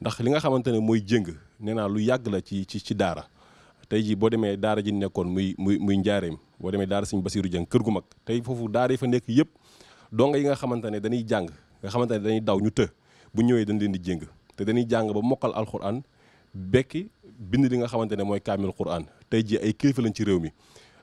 ndax li nga xamante ne mooy jëng nee naa lu yàgg la ci ci ci daara tey jii boo demee daara ji nekkoon muy muy muy njaareem boo demee daara Sëñ Basiiru Jëng kër gu mag tey foofu daara yi fa nekk yëpp donga yi nga xamante ne dañuy jàng nga xamante ne dañuy daw ñu të bu ñëwee dañ leen di jëng te dañuy jàng ba mokkal alxuraan bekki bind li nga xamante ne mooy kaamil xuraan tey ji ay kilifa lañ ci réew mi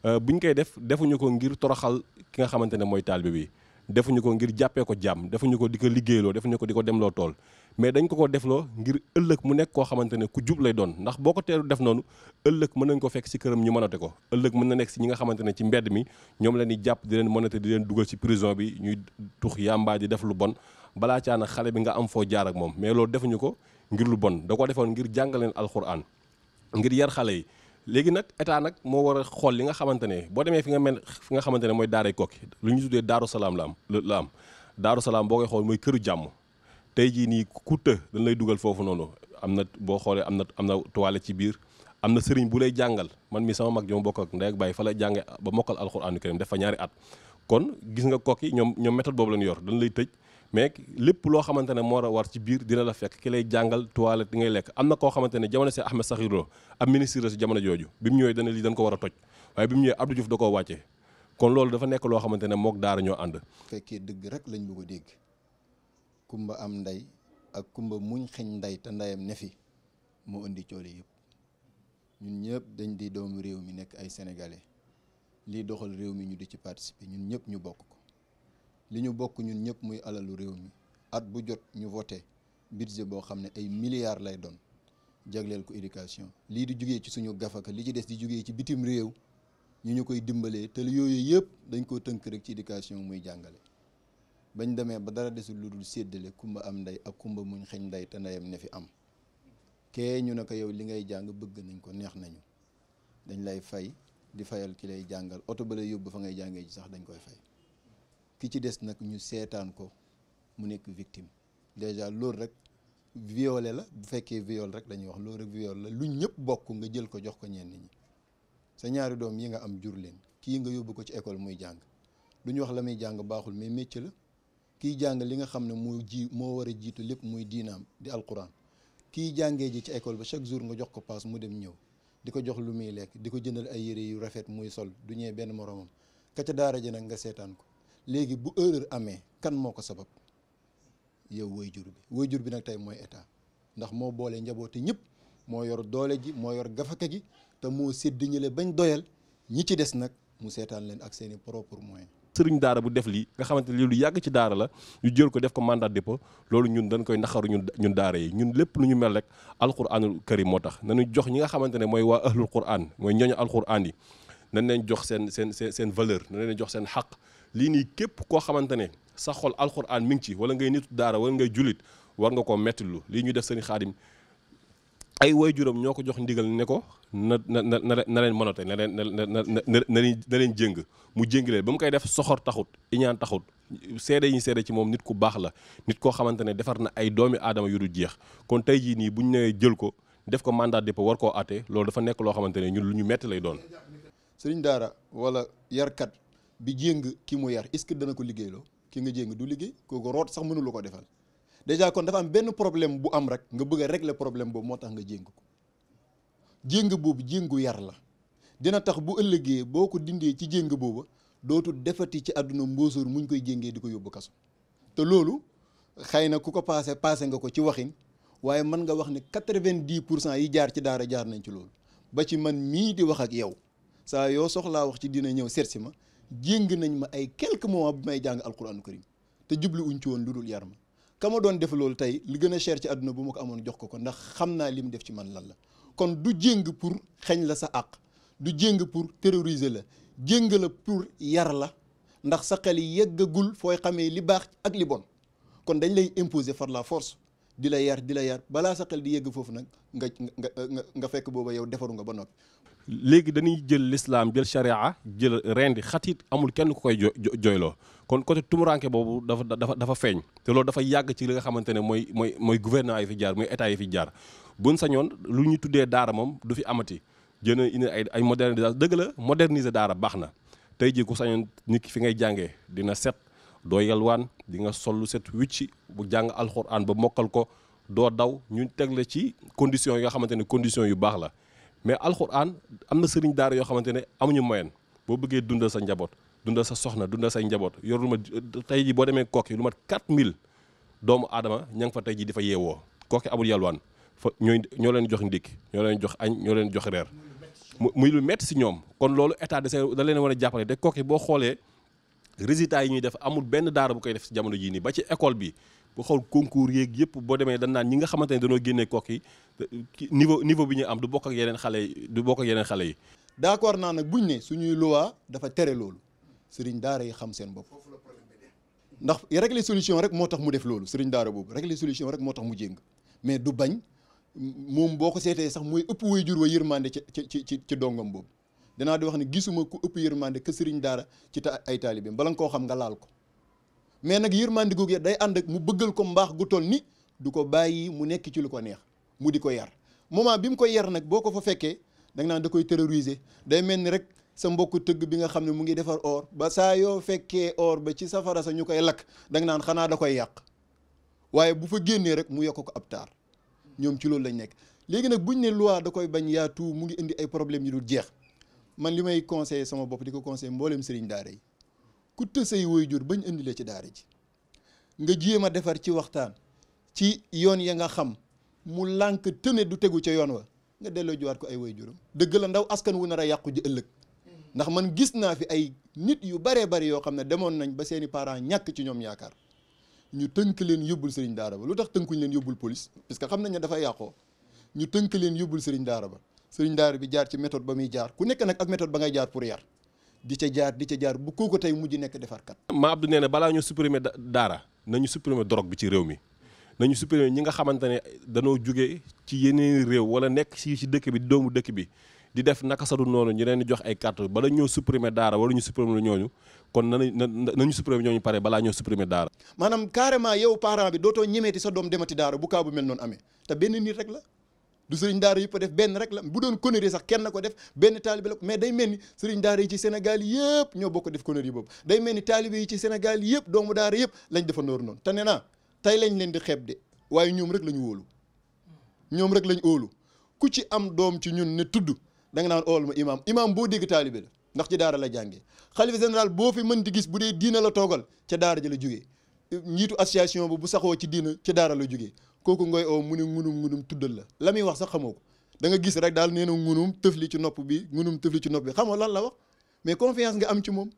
euh, buñ koy def defuñu ko ngir toroxal ki nga xamante ne mooy taalibe bi defuñu ko ngir jàppee ko jàmm defuñu ko di ko liggéeyloo defuñu ko di ko demloo tool mais dañ ko ko defloo ngir ëllëg mu nekk koo xamante ne ku jub lay doon ndax boo ko teelu def noonu ëllëg mën nañ ko fekk si këram ñu mënate ko ëllëg mën na nekk si ñi nga xamante ne ci mbedd mi ñoom leen di jàpp di leen mënate leen dugal ci prison bi ñuy tux yàmbaa di def lu bon balaa caana xale bi nga am foo jaar ak moom mais loolu defuñu ko ngir lu bon da ko defoon ngir jàngaleen alxuraan ngir yar xale yi léegi nag état nag moo war a xool li nga xamante ne boo demee fi nga mel fi nga xamante ne mooy daaray kokki lu ñu tuddee daaru salaam la am la am daaru salaam boo koy xool mooy këru jàmm tey jii nii ku të lay dugal foofu noonu am na boo xoolee am na am na toilette ci biir am na sëriñ bu lay jàngal man mi sama mag ma bokk ak ndey ak bàyyi fa lay jànge ba mokkal alxuraanu karim def fa ñaari at kon gis nga kokki ñoom ñoom méthode boobu lañu yor dañ lay tëj mais lépp loo xamante ne moo war ci biir dina la fekk ki lay jàngal toilette di ngay lekk am na koo xamante ne jamono si Ahmed Sakhir Lo ab ministre la si jamono jooju bi mu ñëwee dana lii dañ ko war a toj waaye bi mu ñëwee Abdou da koo wàccee kon loolu dafa nekk loo xamante ne mook daara ñoo ànd fekkee dëgg rek lañ bëgg a kumba am ndey ak kumba muñ xeñ ndey te ndeyam ne fi moo indi coole yëpp ñun ñëpp dañ di doom réew mi nekk ay sénégalais li doxal réew mi ñu di ci participer ñun ñëpp ñu bokk ko li ñu bokk ñun ñëpp muy alalu réew mi at bu jot ñu voté budget boo xam ne ay milliards lay doon jagleel ko éducation li di jugee ci suñu gafaka li ci des di jugee ci bitim réew ñu ñu koy dimbalee te yooyu yëpp dañ koo tënk rek ci éducation muy jàngale bañ demee ba dara desul lu dul séddale kumba am ndey ak kumba muñ xeñ ndey te ndeyam ne fi am kee ñu ne yow li ngay jàng bëgg nañ ko neex nañu dañ lay fay di fayal ki lay jàngal oto ba lay yóbbu fa ngay jàngee ji sax dañ koy fay ki ci des nag ñu seetaan ko mu nekk victime déjà loolu rek viole la bu fekkee viol rek dañuy wax loolu rek viol la lu ñëpp bokk nga jël ko jox ko ñenn ñi sa ñaari doom yi nga am jur leen kii nga yóbbu ko ci école muy jàng duñu wax la muy jàng baaxul mais métier la kiy jàng li nga xam ne muy ji moo war a jiitu lépp muy diinaam di al alquran kiy jàngee ji ci école ba chaque jour nga jox ko paas mu dem ñëw di ko jox lu muy lekk di ko jëndal ay yére yu rafet muy sol du ñëwee benn moroomam ka daara ji nag nga seetaan ko léegi bu erreur amee kan moo ko sabab yow waajur bi waajur bi nag tey mooy état ndax moo boole njaboote ñëpp moo yor doole ji moo yor gafaka gi te moo séddiñale bañ doyal ñi ci des nag mu seetaan leen ak seeni propre moyen sëriñ daara bu def lii nga xamante ne lu yàgg ci daara la ñu jël ko def ko mandat po loolu ñun dañ koy naxaru ñun ñun daara yi ñun lépp lu ñu mel rek kër yi moo tax nañu jox ñi nga xamante ne mooy waa ahlul quran mooy ñooñu alquran yi nañ leen jox seen seen seen seen valeur nañ leen jox seen xaq lii nii képp koo xamante ne sa xol alquran mi ngi ci wala ngay nitu daara wala ngay julit war nga koo metti lu lii ñu def seen xaadim ay juróom ñoo ko jox ndigal ne ko na na na na leen mënate na leen na na na na leen jëng mu jëng leen ba mu koy def soxor taxut iñaan taxut seede yi ñu seede ci moom nit ku baax la nit koo xamante ne defar na ay doomi aadama yu du jeex kon tey jii nii bu ñu nee jël ko def ko mandat de dépôt war koo àtte loolu dafa nekk loo xamante ne ñun lu ñu metti lay doon. sëriñ daara wala yarkat bi jëng ki mu yar est-ce que dana ko liggéeyloo ki nga jëng du liggéey kooku root sax mënul ko defal. déjà kon dafa am benn problème bu am rek nga bëgg a régler problème boobu moo tax nga jéng ko jéng boobu jéngu yar la dina tax bu ëllëgee boo ko dindee ci jéng booba dootul defati ci àdduna mbóosóor muñ koy jéngee di ko yóbbu kaso te loolu xëy na ku ko paase paase nga ko ci waxin waaye mën nga wax ne quatre-vingt-dix pour cent yi jaar ci daara jaar nañ ci loolu ba ci man mii di wax ak yow saa yoo soxlaa wax ci dina ñëw seet ma jéng nañ ma ay quelques mois bi may jàng alquranu karim te jublu ci woon lu dul yar ma ka doon def loolu tey li gën a cher ci àdduna bu ma ko amoon jox ko ko ndax xam naa li mu def ci man lan la kon du jéng pour xeñ la sa àq du jéng pour terroriser la jéng la pour yar la ndax sa xel yeggagul fooy xamee li baax ak li bon kon dañ lay imposer far la force di la yar di la yar balaa sa xel di yegg foofu nag nga nga nga fekk boobu yow defaru nga ba noppi léegi dañuy jël lislaam jël sharia jël rendi xatit amul kenn ku koy jo jooyloo kon côté tumuranke boobu dafa dafa dafa feeñ te loolu dafa yàgg ci li nga xamante ne mooy mooy mooy gouvernement yi fi jaar mooy état yi fi jaar buñ sañoon lu ñu tuddee daara moom du fi amati jën indi ay ay modernisation dëgg la moderniser daara baax na tey jii ku sañoon nit ki fi ngay jàngee dina set doo yalwaan di nga lu set wicci bu jàng alxuraan ba mokkal ko doo daw ñu tegle ci conditions yi nga xamante ne conditions yu baax la mais alxuraan am na sëriñ daara yoo xamante ne amuñu moyen boo bëggee dundal sa njaboot dundal sa soxna dundal say njaboot yor lu ma tey jii boo demee kooki lu mat 4000 doomu aadama ña nga fa tey jii di fa yeewoo kooki amul yalwaan fa ñooy ñoo leen jox ndékki ñoo leen jox añ ñoo leen jox reer muy lu metti si ñoom kon loolu état da da leen war a jàppale te kooki boo xoolee résultats yi ñuy def amul benn daara bu koy def jamono jii nii ba ci école bi bu xool concours yeeg yëpp boo demee dañ naan ñi nga xamante ne dañoo génnee kooki niveau niveau bi ñu am du bokk yeneen xale yi du bokk yeneen xale yi. d'accord naa nag buñ ne suñuy loi dafa tere loolu sëriñ daara yi xam seen bopp ndax régler solution rek moo tax mu def loolu sëriñ daara boobu régler solution rek moo tax mu jéng mais du bañ moom boo ko seetee sax mooy ëpp way jur wa yërmande ci ci ci ci dongam boobu danaa di wax ne gisuma ku ëpp yërmande que sëriñ daara ci ta ay taalibeem bala nga koo xam nga laal ko mais nag yërmande googu day ànd ak mu bëggal ko mbaax gu toll ni du ko bàyyi mu nekk ci lu ko neex mu di ko yar moment bi mu koy yar nag boo ko fa fekkee da naan da koy terroriser day mel ni rek sa mbokku tëgg bi nga xam ne mu ngi defar or ba saa yoo fekkee or ba ci safara sa ñu koy lakk da nga naan xanaa da koy yàq waaye bu fa génnee rek mu yokk ko ab taar ñoom ci loolu lañ nekk. léegi nag buñ ne loi da koy bañ yaatu mu ngi indi ay problèmes yu dul jeex man li may conseiller sama bopp di ko conseiller mboolem sëriñ daara yi ku të say waajur bañ indi ci daara ji nga jéem a defar ci waxtaan ci yoon ya nga xam. mu lànk tëne du tegu ca yoon wa nga delloo juwaat ko ay way juróom dëgg la ndaw askan wu nar a yàqu ji ëllëg ndax man gis naa fi ay nit yu baree bari yoo xam ne demoon nañ ba seeni parent ñàkk ci ñoom yaakaar ñu tënk leen yóbbul sëriñ daara ba lu tax tënkuñ leen yóbbul police parce que xam nañ dafa yàqoo ñu tënk leen yóbbul sëriñ daara ba sëriñ daara bi jaar ci méthode ba muy jaar ku nekk nag ak méthode ba ngay jaar pour yar di ca jaar di ca jaar bu kooku tey mujj nekk defarkat. maa Abdou nee na balaa ñu supprimer daara nañu supprimer drogue bi ci réew mi. nañu supprimer ñi nga xamante ne danoo jugee ci yeneen réew wala nekk si dëkk bi doomu dëkk bi di def naka sadu noonu ñu leen di jox ay carte bala ñoo supprimer daara wala ñu supprimer ñooñu kon nañu nañu supprimer ñooñu pare balaa ñoo supprimer daara maanaam carrément yow parent bi dootoo ñemeeti sa doom demati daara bu kaa bu mel noonu amee te benn nit rek la du sëriñ daara yëpp def benn rek la bu doon connerie sax kenn ko def benn taalibe la ko mais day mel ni sëriñ daara yi ci Sénégal yëpp ñoo ko def connerie boobu day mel ni taalibe yi ci Sénégal yëpp doomu daara yëpp lañ defandoo noonu te nee naa tey lañ leen di xeeb de waaye ñoom rek la ñu wóolu ñoom rek lañ óolu ku ci am doom ci ñun ne tudd da naan ool ma imaam imaam boo dégg taalibe la ndax ci daara la jàngee xalifa général boo fi mën di gis bu dee diina la toogal ca daara ji la jógee njiitu association bu bu saxoo ci diina ci daara la jógee kooku ngoy oo mu ne ngunum ngunum tuddal la la muy wax sax xamoo ko danga gis rek daal nee na ngunum tëfli ci nopp bi ngunum tëfli ci nopp bi xamoo lan la wax mais confiance nga am ci moom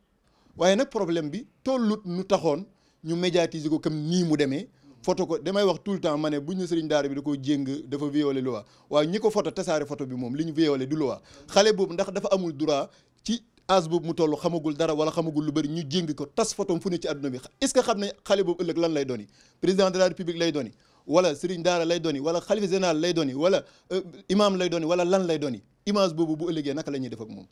waaye nag problème bi tollut nu taxoon ñu médiatiser ko comme nii mu demee photo ko damay wax tout le temps ma bu ñu sëriñ daara bi da ko jéng dafa violé loi waaye ñi ko photo tasaare photo bi moom li ñu violé du loi xale boobu ndax dafa amul droit ci âge boobu mu toll xamagul dara wala xamagul lu bëri ñu jéng ko tas photom fu ne ci àdduna bi est-ce que xam ne xale boobu ëllëg lan lay dooni président de la république lay dooni wala sëriñ daara lay dooni wala xalifa général lay dooni wala euh, lay dooni wala lan lay dooni image la ñuy def ak moom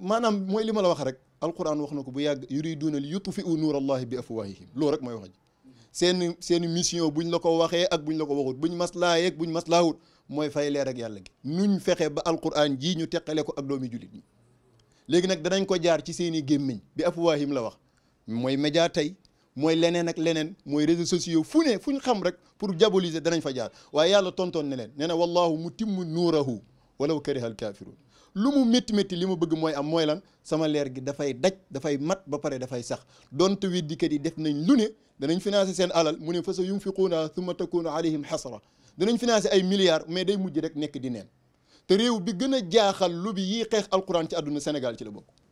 maanaam mooy li ma la wax rek alquran wax na ko bu yàgg yuriduuna li yutfiu nuur allahi bi afwahihim loolu rek mooy wax ji seen seen mission buñ la ko waxee ak buñ la ko waxut buñ maslaayeeg buñ maslaawut mooy fay leer ak yàlla gi nuñ fexe ba alquran jii ñu teqale ko ak doomi jullit ñi léegi nag danañ ko jaar ci seen i gémmiñ bi afwahim la wax mooy média tey mooy leneen ak leneen mooy réseaux sociaux fu ne fu ñu xam rek pour diaboliser danañ fa jaar waaye yàlla tontoon ne leen nee na wallahu mutimmu nuurahu walaw kariha alkaafiruun lu mu métti métti li ma bëgg mooy am mooy lan sama leer gi dafay daj dafay mat ba pare dafay sax donte weddikat yi def nañ lu ne danañ financé seen alal mu ne fa sa yunfiquuna thumma takunu alayhim xasra danañ financé ay milliards mais day mujj rek nekk di neen te réew bi gën a jaaxal lu bi yii xeex alquran ci àdduna Sénégal ci la bokk